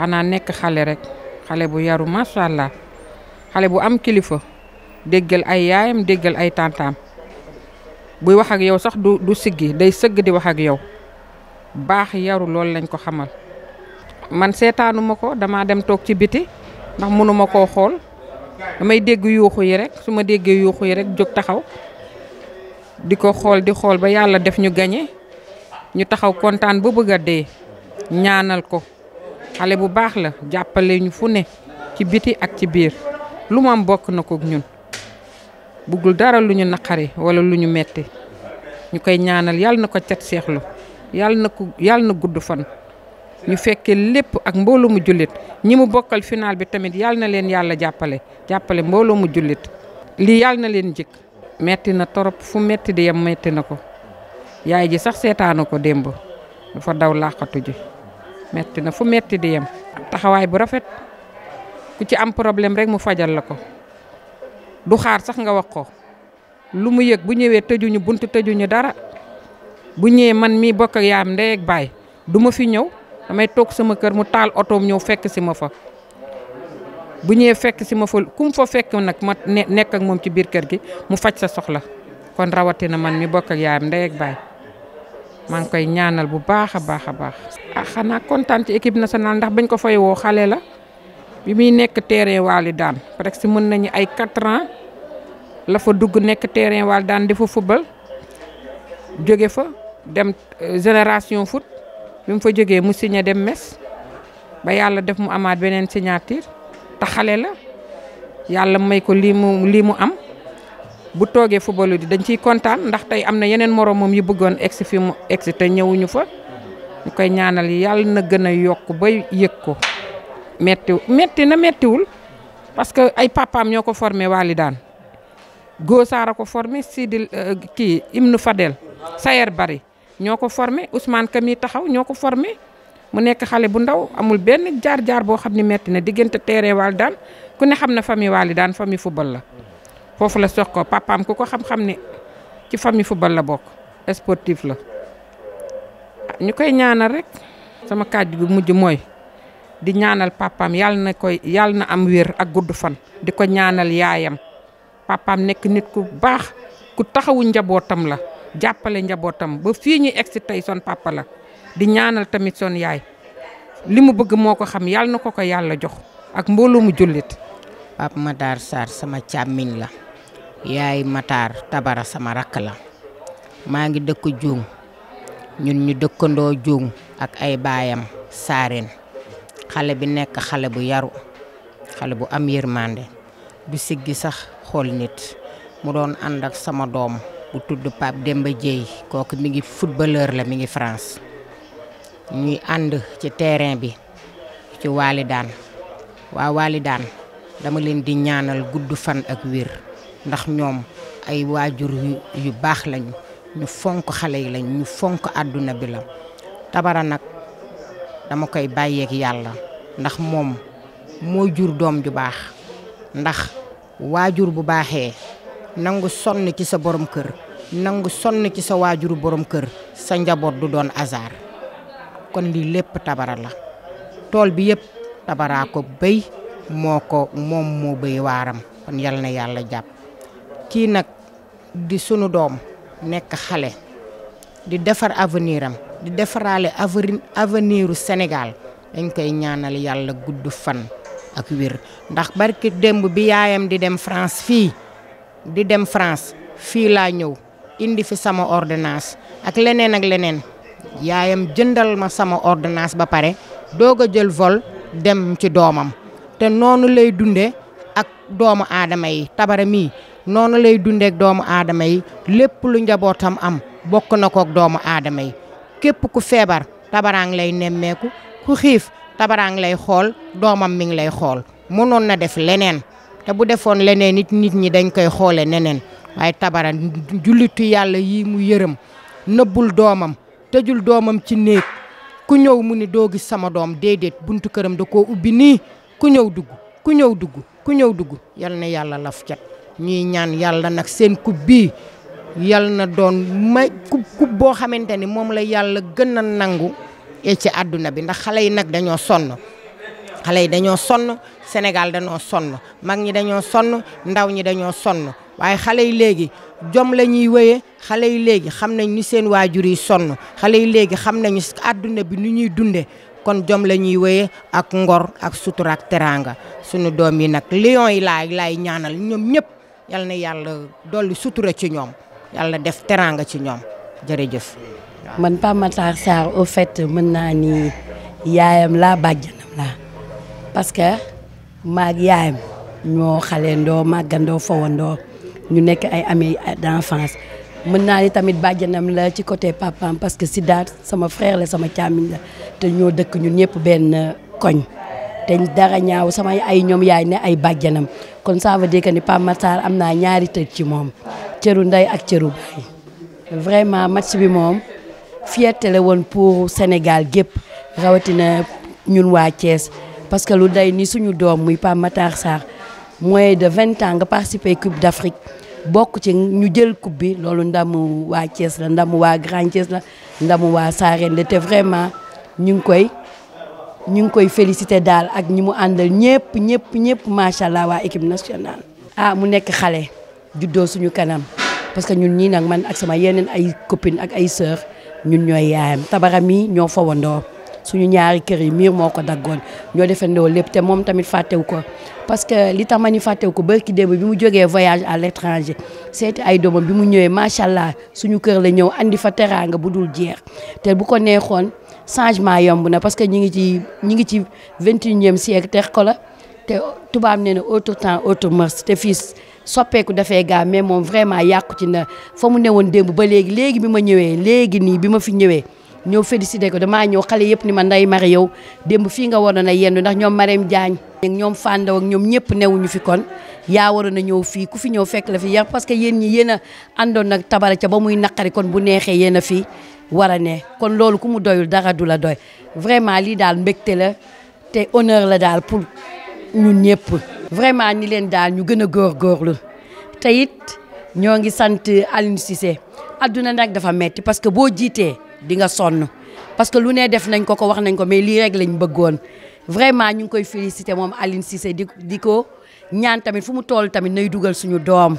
xanaa nekk xale rek xale bu yaru macha xale bu am kilifa déggal ay yaayam déggal ay tàntaam buy wax ak yow sax du siggi day sëgg di wax ak yow baax yaru loolu lañ ko xamal man seetaanuma ko damaa dem toog ci biti ndax mënuma koo xool damay dégg yuuxu yi rek su ma déggee yuuxu yi rek jóg taxaw di ko xool di xool ba yàlla def ñu gañe ñu taxaw kontaan bu bëgg a dee ñaanal ko xale bu baax la jàppale ñu fu ne ci biti ak ci biir lu mu am bokk na ko ñun buggul dara lu ñu naqari wala lu ñu metti ñu koy ñaanal yàlla na ko cet seexlu yàlla na na gudd fan ñu fekkee lépp ak mbooloo mu jullit ñi mu bokkal final bi tamit yàlla na leen yàlla jàppale jàppale mbooloo mu jullit lii yàlla na leen jik metti na torop fu metti di yem metti na ko yaay ji sax seetaanu ko démb dafa daw làqatu ji metti na fu metti di yem taxawaay bu rafet ku ci am problème rek mu fajal la ko du xaar sax nga wax ko lu mu yëg bu ñëwee tëjuñu bunt tëjuñu dara bu ñëwee man mii bokk ak yaam ndey baay du ma fi ñëw damay toog sama kër mu taal otoom ñëw fekk si ma fa bu ñëwee fekk si ma fa ku mu fa fekk nag ma nekk ak moom ci biir kër gi mu faj sa soxla kon rawatina man mi bokk ak yaayam ndey ak baay maa ngi koy ñaanal bu baax a baax a baax. ah xanaa kontaan ci équipe nationale ndax bañ ko fay woo xale la bi muy nekk terrain waali daan presque mën nañu ay 4 ans la fa dugg nekk terrain waali daan di fa football jóge fa dem euh, génération fut bi mu fa jóge mu signé dem mes ba yàlla def mu amaat beneen signature te xale la yàlla may ko lii mu lii mu am. bu toogee football di dañ ciy kontaan ndax tey am na yeneen moroomam yi bëggoon egsi fi mu egsi te ñëwuñu fa ñu koy ñaanal yàlla na gën a yokk ba yëg ko metti metti na mettiwul parce que ay papaam ñoo ko formé waali daan Gosaara ko formé Sidil euh, kii im Ibnu Fadel Sayer Bari ñoo ko formé Ousmane Ka taxaw ñoo ko formé mu nekk xale bu ndaw amul benn jaar-jaar boo xam ne metti na diggante terrain waali daan ku ne xam na famille waali daan famille football la foofu la sox ko papaam ku ko xam-xam ne ci famille football la bokk sportif la ñu koy ñaanal rekk sama kàddu gu mujj mooy di ñaanal papaam yàlla na koy yàlla na am wér ak gudd fan di ko ñaanal yaayam papaam nekk nit ku baax ku taxawu njabootam la jàppale njabootam ba fii ñu egsi tey son papa la di ñaanal tamit son yaay li mu bëgg moo ko xam yàlla na ko ko yàlla jox ak mbooloo jullit Papa Matar Sarr sama càmmiñ la yaay Matar Tabara sama rakk la maa ngi dëkk Dioum ñun ñu dëkkandoo Dioum ak ay baayam saarin xale bi nekk xale bu yaru xale bu am yërmande du siggi sax xool nit mu doon ànd ak sama doom bu tudd Pape Demba Dieye kooku mi ngi footballeur la mi ngi France ñuy ànd ci terrain bi ci Walidaan waa Walidaan dama leen di ñaanal gudd fan ak wér ndax ñoom ay waajur yu baax lañu ñu fonk xale yi lañ ñu fonk àdduna bi la tabara nag dama koy bàyyeeg yàlla ndax moom moo jur doom ju baax ndax waajur bu baaxee nangu sonn ci sa borom kër nangu sonn ci sa waajuru borom kër sa njaboot du doon hasard kon lii lépp tabara la tool bi yëpp tabaraa ko béy moo ko moom moo béy waaram kon yal na yàlla jàpp kii nag di sunu doom nekk xale di defar avenir di defaraale aveniru Sénégal dañ koy ñaanal yàlla gudd fan ak wér ndax barki démb bi yaayam di dem France fii di dem France fii laa ñëw indi fi sama ordonnance ak leneen ak leneen yaayam jëndal ma sama ordonnance ba pare doog a jël vol dem ci doomam te noonu lay dunde ak doomu aadama yi tabara noonu lay dundeek doomu aadama yi lépp lu njabootam am bokk na kook doomu aadama yi képp ku feebar tabaraang lay nemmeeku ku xiif tabaraang lay xool doomam mi ngi lay xool mënoon na def leneen te bu defoon leneen it nit ñi dañ koy xoole neneen waaye tabara jullitu yàlla yii mu yërëm nëbbul doomam tëjul doomam ci néeg ku ñëw mu ni doo gis sama doom déedéet buntu këram da koo ubbi nii ku ñëw dugg ku ñëw dugg ku ñëw dugg yal na yàlla laf ñuy ñaan yàlla nag seen coupe bii yàlla na doon may coupe coupe boo xamante ni moom la yàlla gën a nangu e ci àdduna bi ndax xale yi nag dañoo sonn xale yi dañoo sonn Sénégal dañoo sonn mag ñi dañoo sonn ndaw ñi dañoo sonn waaye xale yi léegi jom la ñuy wéyee xale yi léegi xam nañ ni seen waajur yi sonn xale yi léegi xam nañu àdduna bi nu ñuy dundee kon jom la ñuy wéyee ak ngor ak sutura ak teraanga sunu doom yi nag lion yi laay laay ñaanal ñoom yal na yàlla dolli sutura ci ñoom yàlla def teraanga ci ñoom jërëjëf. man Pape Matar Sarr au fait mën naa ni yaayam laa bàjjanam laa parce que maag yaayam ñoo xaleendoo màggandoo fowandoo ñu nekk ay amis d'enfance mën naa ni tamit bàjjanam laa ci côté papaam parce que Sidaat sama frère la sama càmmiñ la te ñoo dëkk ñun ñëpp benn koñ. te dara ñaaw sama ay ñoom yaay ne ay bàjjanam kon ça veut dire que ni Pape Matar am naa ñaari tëj ci moom cëru nday ak cëru baay vraiment match bi moom fierté la woon pour Sénégal gépp rawatina ñun waa Thiès parce que lu day ni suñu doom muy Pape Matar Sarr moins de vingt ans nga participer coupe d'Afrique bokk ci ñu jël coupe bi loolu ndamu waa Thiès la ndamu waa Grand Thiès la ndamu waa Sarène te vraiment ñu koy ñu ngi koy félicité daal ak ñi mu àndal ñëpp ñëpp ñëpp macha allah waa équipe nationale. ah mu nekk xale juddoo suñu kanam parce que ñun ñii nag man ak sama yeneen ay copines ak ay sœurs ñun ñooy yaayam tabaram yi ñoo fawandoo suñu ñaari kër yi miir moo ko daggoon ñoo defandoo lépp te moom tamit fàttewu ko parce que li tax ma ni fàttewu ko barki démb bi mu jógee voyage à l'étranger seeti ay doomam bi mu ñëwee macha allah suñu kër la ñëw andi fa teraanga bu dul jeex te bu ko neexoon. changement yomb na parce que ñu ngi ci ñu ngi ci vingt et unième siècle te xola te tubaab nee na autre temps autre mœurs te fii soppeeku defee gaa mais moom vraiment yàqu ci na fa mu newoon démb ba léegi léegi bi ma ñëwee léegi nii bi ma fi ñëwee ñëw félicité ko damaa ñëw xale yëpp ni ma nday mari yow démb fii nga waroon na yendu ndax ñoom Marème Diagne ñoom Fandaw ak ñoom ñëpp newuñu fi kon yaa waroon na ñëw fii ku fi ñëw fekk la fi yar parce que yéen ñi yéen a àndoon nag tabara ca ba muy naqari bu neexee yéen a fii war a ne kon loolu ku mu doyul dara du la doy vraiment lii daal mbégte la te honneur la daal pour ñun ñëpp. vraiment ni leen daal ñu gën a góorgóorlu te it ñoo ngi sant Aliou Cissé adduna nag dafa metti parce que boo jiitee di nga sonn parce que lu ne def nañ ko ko wax nañ ko mais lii rek lañ bëggoon vraiment ñu ngi koy félicité moom Aliou Cissé di ko ñaan tamit fu mu toll tamit nay dugal suñu doom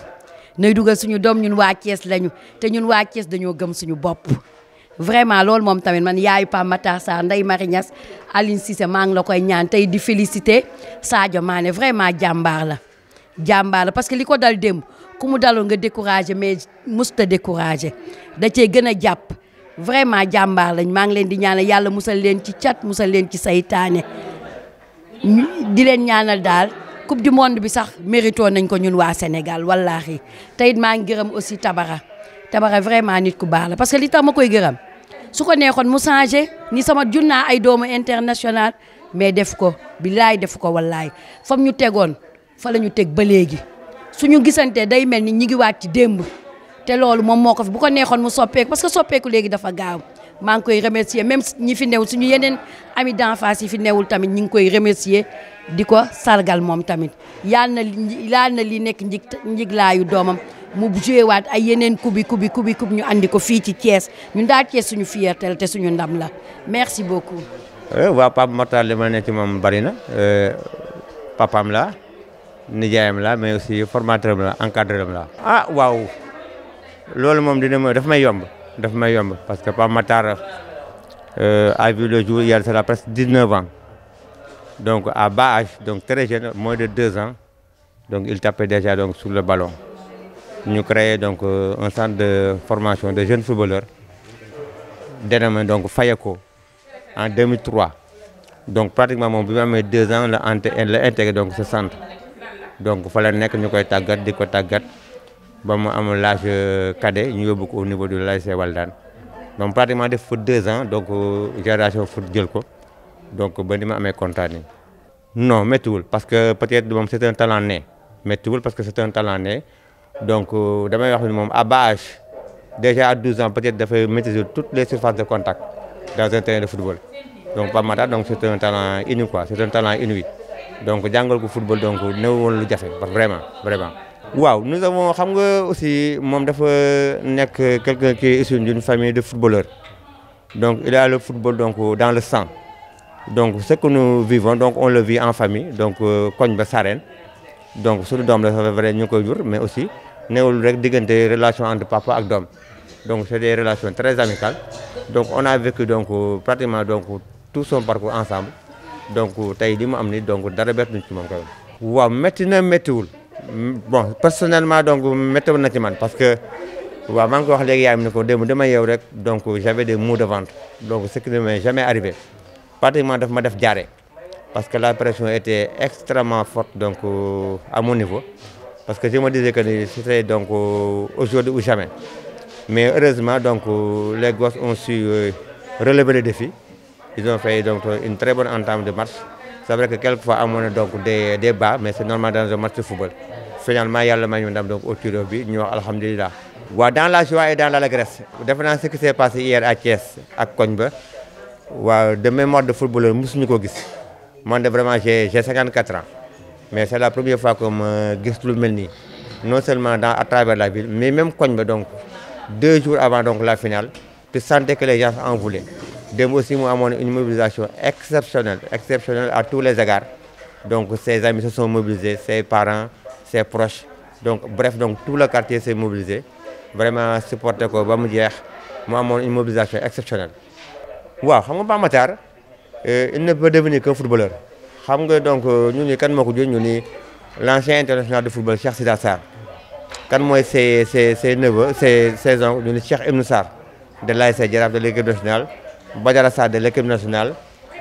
nay dugal suñu doom ñun waa Thiès lañu te ñun waa Thiès dañoo gëm suñu bopp. vraiment loolu moom tamit man yaayu Pape Matar Sarr Ndeye Marie Niass Aline Cissé maa ngi la koy ñaan tey di féliciter Sadio Mané vraiment jàmbaar la jàmbaar la parce que li ko dal démb ku mu daloon nga découragé mais musta découragé da ce gën a jàpp vraiment jàmbaar lañ maa ngi leen di ñaanal yàlla musal leen ci cat musal leen ci saytaane di leen ñaanal daal coupe du monde bi sax mérito nañ ko ñun waa Sénégal wallaahi tey it maa ngi gërëm aussi Tabara Tabara vraiment nit ku baax la parce que li ma koy gërëm. su ko neexoon mu changé ni sama junnaa ay doomu international mais def ko billaay def ko wallaay fam ñu tegoon fa la ñu teg ba léegi ñu gisante day mel ni ñu ngi waat ci démb te loolu moom moo ko fi bu ko neexoon mu soppeeku parce que soppeeku léegi dafa gaaw maa ngi koy remercier même ñi fi newul suñu yeneen ami d'enfance yi fi newul tamit ñi ngi koy remercier di ko sargal moom tamit yal na yal na li nekk njig njiglaayu doomam mu joué waat ay yeneen kubi kubi kubi kub ñu andi ko fii ci Thiès ñun daal Thiès suñu fierté te suñu ndam la merci beaucoup. Eh, waaw Pape Matar li ma ne ci moom bari na eh, papaam la nijaayam la mais aussi formateur am la encadreur am la. ah waaw loolu moom dina mooy daf may yomb daf may yomb parce que Pape Matar eh, a vu le jour il y a cela presque 19 ans donc à bas âge donc très jeune moins de 2 ans donc il tapait déjà donc sur le ballon. ñu créé donc euh, un centre de formation de jeunes footballeurs dénommé donc Fayako en 2003 donc pratiquement moom bi mu amee deux ans la ante la intégré donc ce centre donc fa la nekk ñu koy tàggat di ko tàggat ba mu am l'âge euh, cadet ñu yóbbu ko au niveau de du lycée Waldaan donc pratiquement def fa deux ans donc euh, génération foot jël ko donc ba ni ma amee contrat nii non méttiwul parce que peut-être moom c'est un talent né méttiwul parce que c'est un donc euh, damay wax ni moom à bas âge déjà à 12 ans peut-être dafay maîtriser toutes les surfaces de contact dans un terrain de football donc Pape Matar donc c'est talent inouï quoi c'est talent inouï donc jàngal ko football donc néew woon lu jafe vraiment vraiment. waaw nous avons xam nga aussi moom dafa nekk quelqu'un ki est issu d'une famille de footballeurs donc il a le football donc dans le sang donc ce que donc on le vit en famille donc euh, koñ ba Sarène donc suñu doom mais aussi. newul rek diggante relation entre papa ak doom donc c'est des relations très amicales donc on a vécu donc pratiquement donc tout son parcours ensemble donc tey li mu am ni donc dara bett nañ ci moom kay waaw métti na méttiwul bon personnellement donc méttiwul na ci man parce que waaw maa ko wax léegi yaayam ne ko démb dama yeew rek donc j'avais des de ventre donc ce qui ne m'est jamais arrivé pratiquement daf ma def jaare parce que la pression était extrêmement forte donc euh, à mon Parce que je me disais que c'était donc euh, aujourd'hui ou jamais. Mais heureusement, donc, euh, les gosses ont su euh, relever le défi. Ils ont fait donc, une très bonne entame de match. C'est vrai que quelquefois, on a donc des, des bas, mais c'est normal dans un match de football. Finalement, il y a le maillot donc, au tir nous Alhamdulillah. Dans la joie et dans l'allégresse, définitivement ce qui s'est passé hier à Thiès, à Konyba, de mémoire de footballeur, nous ne pas. Moi, vraiment, mais c'est la première fois que gis lu mel ni non seulement dans à travers la ville mais même koñ ba donc deux jours avant donc la finale tu sentais que les gens en voulaient démb aussi mu amoon une mobilisation exceptionnelle exceptionnelle à tous les égards donc ses amis se sont mobilisés ses parents proches donc bref donc tout le quartier s'est mobilisé vraiment supporté ko ba mu jeex mu amoon une mobilisation exceptionnelle waaw xam nga Pape Matar euh, il ne peut devenir qu'un xam nga donc ñu ni kan moo ko jël ñu ni l'ancien de football Cheikh Sida kan mooy ses ses ses neveux ses ses oncles ñu ni Cheikh Ibn Sarr de l'ASC Jaraaf de l'équipe nationale Badara Sarr de l'équipe nationale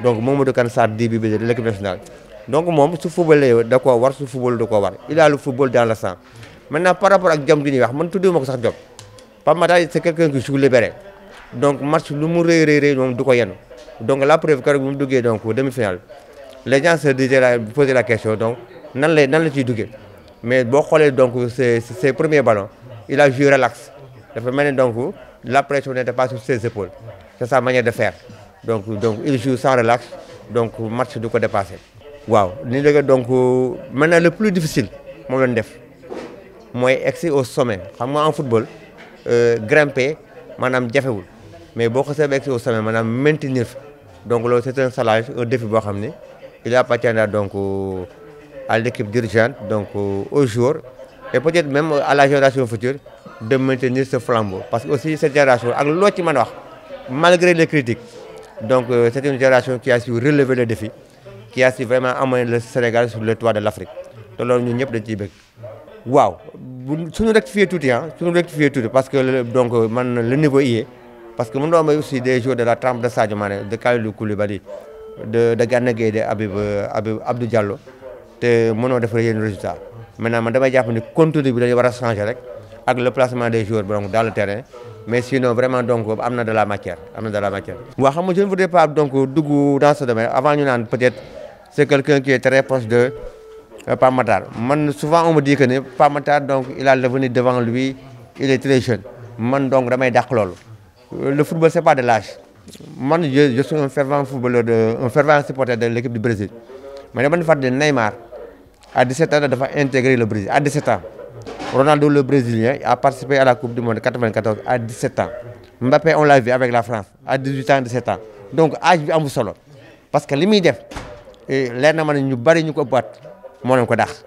donc Mamadou Kane Sarr di bi de l'équipe nationale donc moom su footballee da koo war su football da koo war il a le football dans le sang maintenant par rapport ak jom gi ñuy wax man tuddee ma ko sax jom Pape Matar c'est quelqu'un qui joue libéré donc lu mu rëy rëy rëy moom du ko yenn donc la preuve keroog bu mu duggee donc demi-finale les gens se disaient la posaient la question donc nan lay nan la ciy duggee mais boo xoolee donc ses ses premiers ballons il a joué relax dafa mel donc la pression n'était pas sur ses épaules sa manière de fer donc donc il joue sans relax donc match du ko dépassé. waaw ni léegi donc maintenant le plus difficile moom la def mooy egsi au sommet xam nga en football euh, grimper jafe wul mais boo ko seetlu egsi au sommet maanaam maintenir donc loolu c'est un challenge un boo xam ni. il appartiendra donc à l'équipe dirigeante, donc aux joueurs, et peut-être même à la génération future de maintenir ce flambeau. Parce que aussi cette génération, avec l'autre malgré wax critiques, donc euh, c'est une génération qui a su relever le défi, qui a su vraiment amener le Sénégal sur le toit de l'Afrique. Donc nous sommes tous les Waouh, nous rectifier tout, hein, ah, nous rectifier tout, parce que donc euh, le niveau y Parce que nous avons aussi des joueurs de la trempe de Sadio Mane, de de de Gana Gueye de Habib Habib Abdou Diallo te mënoo defal yenn résultat maintenant man damay jàpp ni contenu bi dañu war a changer rek ak le placement des joueurs donc dans le terrain mais sinon vraiment donc am na de la matière am na de la matière. donc dugg dans ce avant ñu naan peut-être c'est quelqu'un qui est très proche de euh, Pape Matar man souvent on me dit que ne donc il a l'avenir devant lui il est très jeune man donc damay dàq loolu euh, le football c'est pas de l'âge man je, je suis un fervent footballeur de un fervent supporter de l'équipe du Brésil mais dama di fàttali Neymar à 17 ans dafa intégrer le Brésil à 17 ans Ronaldo le Brésilien a participé à la Coupe du Monde 94 à 17 ans Mbappé on l'a vu avec la France à 18 ans 17 ans donc âge bi amul solo parce que li muy ma ne bari ñu ko ëppaat moo leen ko dax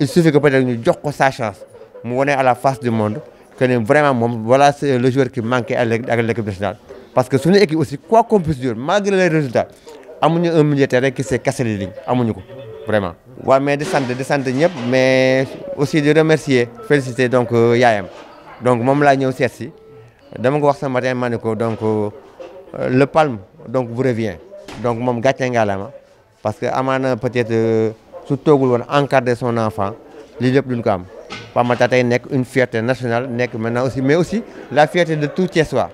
il suffit que peut-être ñu jox sa chance mu wane à la face parce que suñu équipe aussi quoi qu'on puisse dire malgré les résultats amuñu un milieu terrain qui s'est cassé les lignes amuñu ko vraiment. waa mais di sant di sant ñëpp mais aussi di remercier féliciter donc euh, yaayam donc moom laa ñëw seet si dama ko wax sama matin ma ne ko donc euh, le palme donc vous revient donc moom gàcce ngaalama parce que amaana peut-être euh, su toogul woon encadrer son enfant lii lépp duñ ko am Pamata tey nekk une fierté national nekk maintenant aussi mais aussi la fierté de tout Thiessois.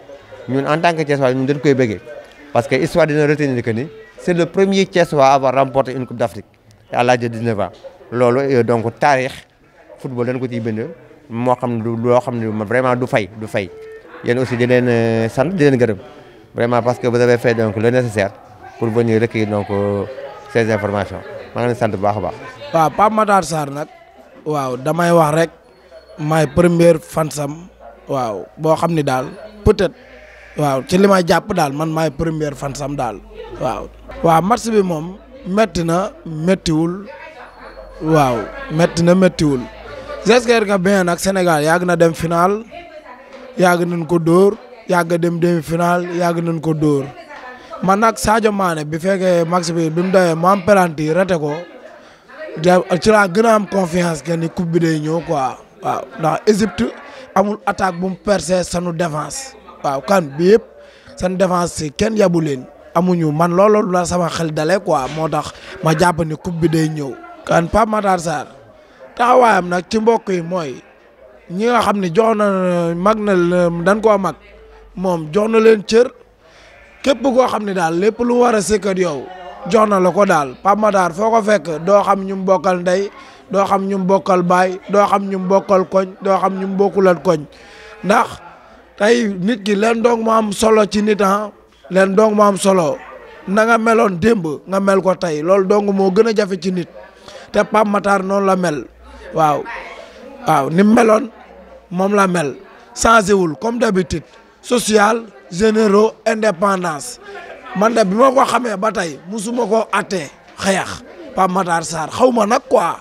ñun en tant que Thiessois ñun dañ koy bëggee parce que histoire dina retenir ni c' est le premier Thiessois à avoir remporté une coupe d' Afrique à l'âge de 19 ans loolu euh, donc taarix football dañ ko ciy moo xam ne du loo xam ne du fay du fay yéen aussi di leen euh, sant di vraiment parce que vous avez fait donc le nécessaire pour venir recueillir donc euh, ces informations maa ngi leen sant bu baax a baax. waaw Pape Matar nag waaw damay wax rek maay première waaw ci li may jàpp daal man maay première fan sam daal waaw. waaw bi moom metti na méttiwul waaw metti na méttiwul Jeskër nga bien nag Sénégal yàgg na dem final yàgg nañ ko dóor yàgg dem demi final yàgg nañ ko dóor man nag Sadio maane bi fekkee match bi bi mu dawee mu am ko ci laa gën a am confiance que ni coupe bi day ñëw quoi waaw ndax Égypte amul attaque bu mu sanu défense. waaw kan bi yëpp seen défense si kenn yabu leen amuñu man loolu la sama xel dalee quoi moo tax ma jàpp ni coupe bi day ñëw. kan Pape Matar Sarr taxawaayam nag ci mbokk yi mooy ñi nga xam ne jox na mag na dañ koo mag moom jox na leen cër képp koo xam ne daal lépp lu war a sëkkat yow jox na la ko daal Pape Matar foo ko fekk doo xam ñu bokkal ndey doo xam ñu bokkal baay doo xam ñu bokkal koñ doo xam ñu bokkulat koñ ndax. tey nit ki leen dong mu am solo ci nit ah leen dong mu am solo na nga meloon démb nga mel ko tey lool dong moo gën a jafe ci nit te Pape Matar noonu la mel waaw waaw ni meloon moom la mel changé wul comme d'habitude social généraux indépendance man da bi ma ko xamee ba tey musuma ko attee xeex Pape Matar Sarr xaw ma nag quoi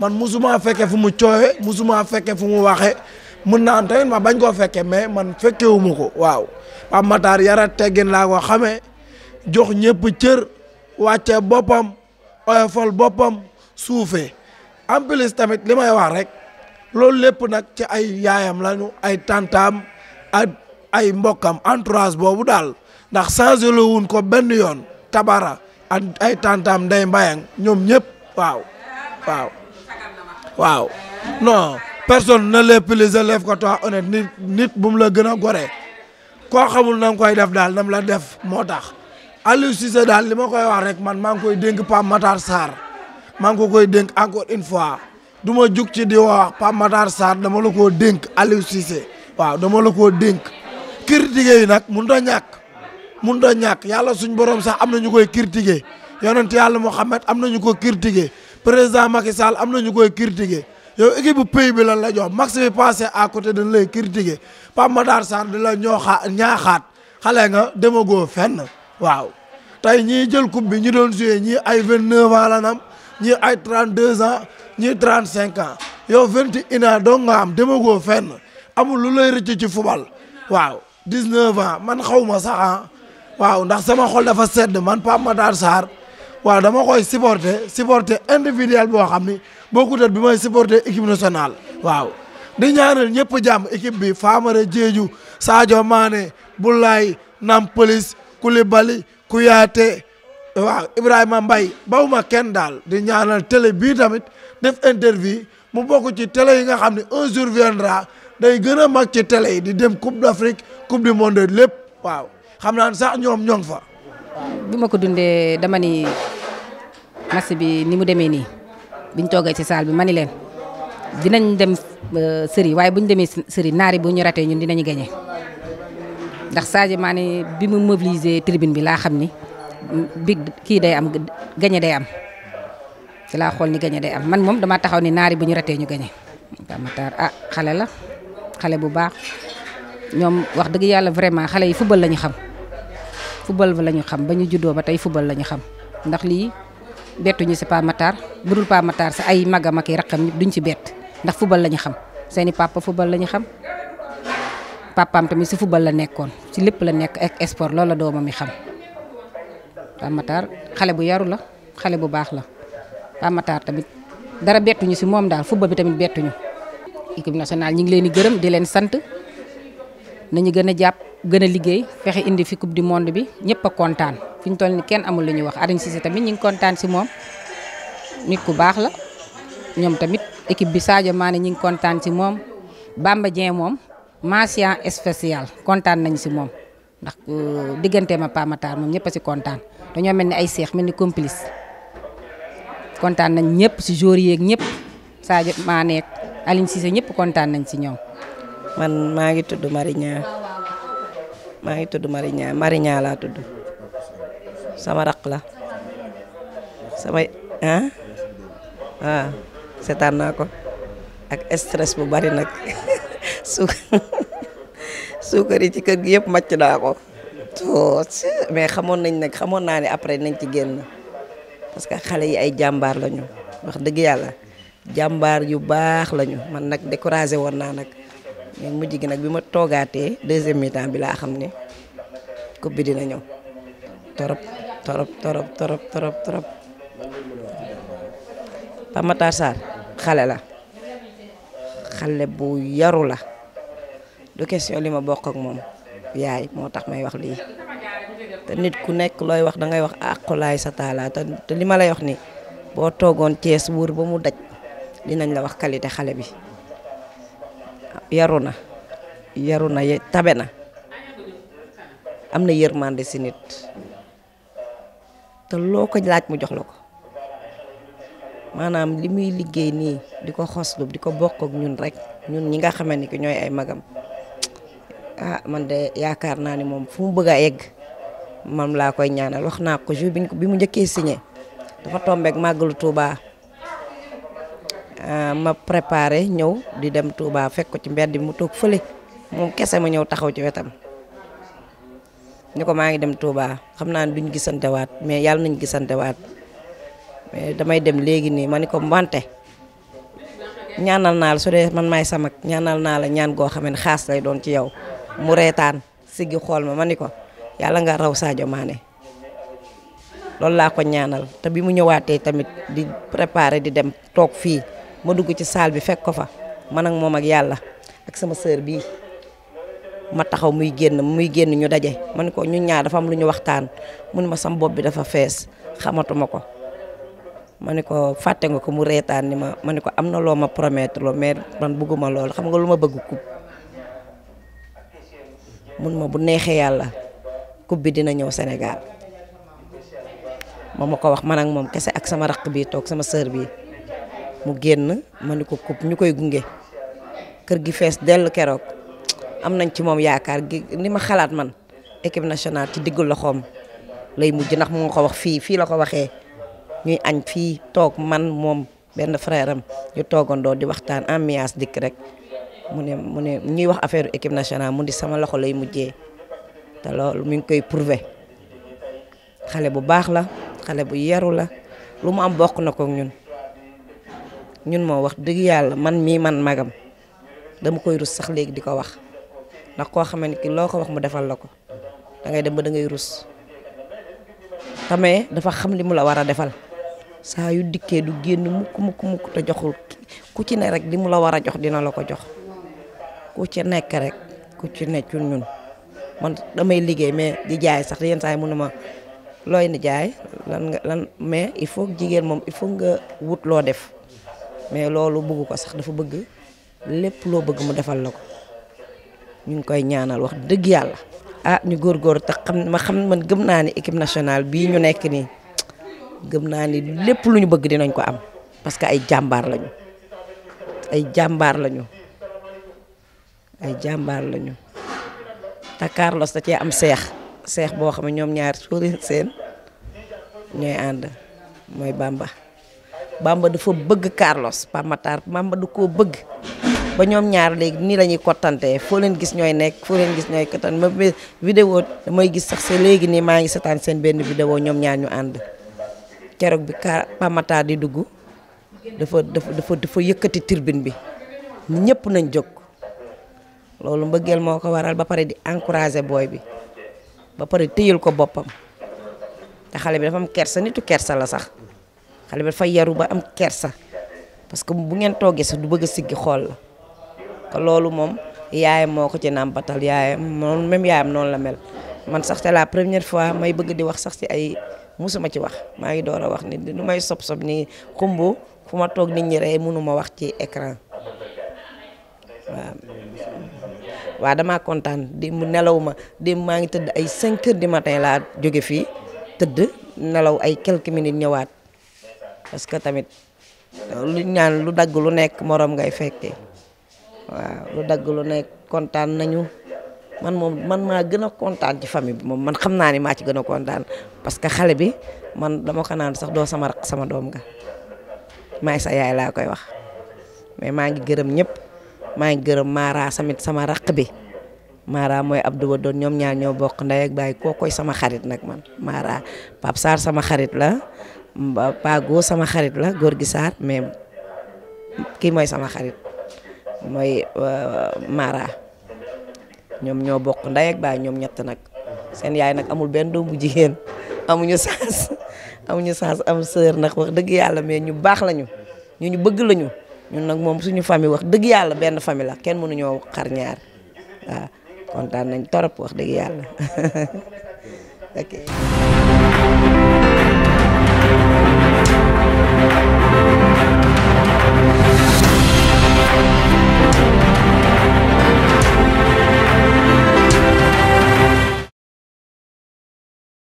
man musuma fekke fu mu coowee musuma fekke fu mu waxee mën naa am tamit ma bañ koo fekkee mais man fekkewuma ko waaw Pape Matar yara teggin laa ko xamee jox ñëpp cër wàccee boppam oyofal boppam suufe en tamit li may wax rek loolu lépp nag ci ay yaayam lañu ay tantaam ak ay mbokkam entourage boobu daal ndax changé la wuñ ko benn yoon tabara ak ay tantaam day mbayang ñoom ñëpp waaw waaw waaw non personne ne les plus élèves que toi honnête nit nit bu mu la gën a goree koo xamul na nga koy def daal nam la def moo tax Aliou Cissé daal li ma koy wax rek man maa ngi koy dénk Pape Matar Sarr maa ngi ko koy dénk encore une fois du ma jug ci di wax Pape Matar da ma la ko dénk Aliou Cissé waaw dama la koo dénk critiquer yi nag mënut a mun mënut a ñàkk yàlla suñ borom sax am na ñu koy critiquer yonent yàlla Muhammad am na ñu ko critiquer président Macky Sall am na ñu koy critiquer yow équipe bu pays bi lan la jox max bi passé à côté dañ lay ma daar Matar Sarr di la ñooxaa ñaaxaat xale nga demagoo fenn waaw tey ñi jël coupe bi ñu doon joué ñii ay vingt neuf ans la nam ñi ay trente deux an ñii trent cinq ans yow vingt et un ans doo nga am demagoo fenn amul lu lay rëcc ci fubal waaw dix neuf ans man xaw ma sax ah. waaw ndax sama xol dafa sedd man Pape Matar Sarr waaw dama koy supporter supporter individuel boo xam ni bokkut ak bi may supporter équipe national waaw di ñaanal ñëpp jàmm équipe bi Famara Diédhiou Sadio Mané Boulaye Nampalys Koulibaly Kouyaté waaw Ibrahima Mbaye bawuma kenn daal di ñaanal télé bii tamit def interview mu bokk ci télé yi nga xam ne un jour viendra day gën a mag ci télé di dem coupe d'Afrique coupe du monde lépp waaw xam naa sax ñoom ñoo fa bi ma ko dundee dama ni match bi ni mu demee nii biñ toogee ci saal bi ma ni leen dinañ dem euh, sëri waaye buñ demee sëri naari bu ñu ratee ñun dinañu gañe ndax Sadio maani bi mu mobiliser tribune bi laa xam ni big kii day am gañe day am ci laa xool ni gañe day am man moom dama taxaw ni naari bu ñu ratee ñu gañe Matar ah xale la xale bu baax ñoom wax dëgg yàlla vraiment xale yi football la ñu xam football ba la xam ba ñu juddoo ba tey football la ñu xam ndax lii bettuñu si Pa Matar bu dul Pa Matar sa ay magam ak i raqam ñëpp duñ ci bett ndax football la ñu xam seeni papa football la ñu xam papaam tamit si football la nekkoon si lépp la nekk ak sport loolu la doomam mi xam Pa Matar xale bu yaru la xale bu baax la Pa Matar tamit dara bettuñu si moom daal football bi tamit bettuñu équipe nationale ñu leen gërëm di leen sant. nañu gën a jàpp gën a liggéey fexe indi fi coupe du monde bi ñëpp a kontaan fi ñu toll ni kenn amul lu ñuy wax Aliou Cissé tamit ñu kontaan si moom nit ku baax la ñoom tamit équipe bi Sadio Mané ñu ngi kontaan si moom Bamba Dieng moom mention spéciale kontaan nañ si moom ndax euh, digganteem ma Pamatar moom ñëpp a si kontaan dañoo mel ni ay seex mel ni complice kontaan nañ ñëpp si joueurs yeeg ñëpp Sadio Mané ak Aliou Cissé ñëpp kontaan nañ si ñoom. man maa ngi tudd Mariña maa ngi tudd Mariña Mariña laa tudd sama raq la sama ah waaw ah, seetaan naa ko ak stress bu bari nag su suukar yi ci kër gi yëpp macc naa ko mais xamoon nañ nag xamoon naa ni après nañ ci génn parce que xale yi ay jàmbaar lañu wax dëgg yàlla jàmbaar yu baax lañu man nag découragé woon naa nag mais mujj gi nag bi ma toogaatee deuxième mi bi laa xam ne coupe bi dina ñëw torop torop torop torop torop torop Pa Matar Sarr xale la xale bu yaru la du question li ma bokk ak yaay moo tax may wax lii te nit ku nekk looy wax dangay wax àqulaay sa taalaata te li ma lay wax ni boo toogoon Cees wuur ba mu daj dinañ la wax qualité xale bi yaru na yaru na tabe na am na yërmande si nit te ko laaj mu jox la ko maanaam li muy liggéey nii di ko xoslu di ko bokk ak ñun rek ñun ñi nga xamante ni ki ñooy ay magam ah man de yaakaar naa ni moom fu mu bëgg a egg man laa koy ñaanal wax naa ko jour bi mu njëkkee signé dafa tombeek màggalu Tuubaa Euh, ma prépare ñëw di dem Touba fekk ko ci mbedd bi mu toog fële moom kese ma ñëw taxaw ci wetam ni ko maa ngi dem Touba xam naa ne duñ gisantewaat mais yàlla nañ gisantewaat mais damay dem léegi nii ma ni ko wante ñaanal naa la su dee man maay samag ñaanal naa la ñaan goo xam ne xaas lay doon ci yow mu reetaan siggi xool ma ma ni ko yàlla nga raw saajo maane loolu laa ko ñaanal te bi mu ñëwaatee tamit di préparer di dem toog fii ma dugg ci saal bi fekk ko fa man ak moom ak yàlla ak sama sœur bii ma taxaw muy génn muy génn ñu daje ma ne ko ñu ñaar dafa am lu ñu waxtaan mu ne ma sam bopp bi dafa fees xamatuma ko ma ne ko fàtte nga ko mu reetaan ni ma ma ne ko am na loo ma promettre loo mais man bëgguma lool xam nga lu ma bëgg kub mun ma bu neexee yàlla kub bi dina ñëw senegal ma ma ko wax ma ak moom kese ak sama raq bii toog sama sœur bii mu génn ma ni ko coupe ñu koy gunge kër gi fees dell keroog am nañ ci moom yaakaar gi ni ma xalaat man équipe nationale ci diggu loxoom lay mujj ndax mu nga ko wax fii fii la ko waxee ñuy añ fii toog man moom benn frère ñu toogandoo di waxtaan ambiance dikk rek mu ne mu ne ñuy wax affaire équipe nationale mu di sama loxo lay mujje te loolu mi ngi koy prouver xale bu baax la xale bu yaru la lu mu am bokk na ko ñun. ñun moo wax dëgg yàlla man mii man magam dama koy rus sax léegi di ko wax ndax koo xamante ni loo ko wax mu defal la ko dangay dem ba dangay rus tamee dafa xam li mu la war a defal saa yu dikkee du génn mukk mukk mukk te joxul ku ci ne rek li mu la war a jox dina la ko jox ku ci nekk rek ku ci ne ci ñun man damay liggéey mais di jaay sax yenn saa yi mënu ma looy ni jaay lan nga lan mais il faut jigéen moom il faut nga wut loo def. mais loolu bëgg ko sax dafa bëgg lépp loo bëgg mu defal la ko ñu ngi koy ñaanal wax dëgg yàlla. ah ñu góor te xam ma xam man gëm naa ni équipe nationale bii ñu nekk nii gëm naa ni lépp lu ñu bëgg dinañ ko am parce que ay jàmbaar lañu ay jàmbaar lañu ay jàmbaar lañu te Carlos da cee am seex seex boo xam ne ñoom ñaar sóoreen seen ñooy ànd mooy bàmba Bamba dafa bëgg Carlos Pape Matar Bamba du ko bëgg ba ñoom ñaar léegi nii lañuy ñuy foo leen gis ñooy nekk foo leen gis ñooy kottan ma vidéo damay gis sax si léegi nii maa ngi setaan seen benn vidéo ñoom ñaar ñu ànd keroog bi ka Pape di dugg dafa dafa dafa yëkkati turbine bi ñëpp nañ jóg loolu mbëggeel moo ko waral ba pare di encourager booy bi ba pare téyal ko boppam te xale bi dafa am kersa nitu kersa la sax xale bi dafay yaru ba am kersa parce que bu ngeen toogee sa du bëgg a siggi xool la ko loolu moom yaayam moo ko ci nàmpatal yaayam noonu même yaayam noonu la mel man sax c'est la première fois may bëgg di wax sax si ay musuma ci wax maa ngi door a wax ni du may sob sob nii xumbu fu ma toog nit ñi rey mënuma wax ci écran waaw waaw damaa kontaan démb nelaw ma di maa ngi tëdd ay 5 heures du matin laa jóge fii tëdd nelaw ay quelques minutes ñëwaat parce que tamit euh, lu ñaan lu dagg lu nekk moroom ngay fekkee waaw lu dagg lu nekk kontaan nañu man moom man maa gën a kontaan ci famille bi moom man xam naa ni maa ci gën a kontaan parce que xale bi man dama ko naan sax doo sama rakk sama doom nga maay sa yaay laa koy wax mais maa ngi gërëm ñëpp maa ngi gërëm Mara samit sama raq bi Mara mooy Abdou Wadoon ñoom ñaar ñoo bokk ndey ak baay koo koy sama xarit nag man Mara Pape Sarr sama xarit la Pago sama xarit la góor gi Sarr mais kii mooy sama xarit mooy euh, Mara ñoom ñoo bokk ndey ak baay ñoom ñett nag seen yaay nag amul benn doom bu jigéen amuñu chance amuñu chance am sœur nag wax dëgg yàlla mais ñu baax lañu ñu ñu bëgg lañu ñun nag moom suñu famille wax dëgg yàlla benn famille la kenn mënuñoo xar ñaar waaw kontaan nañ torop wax dëgg yàlla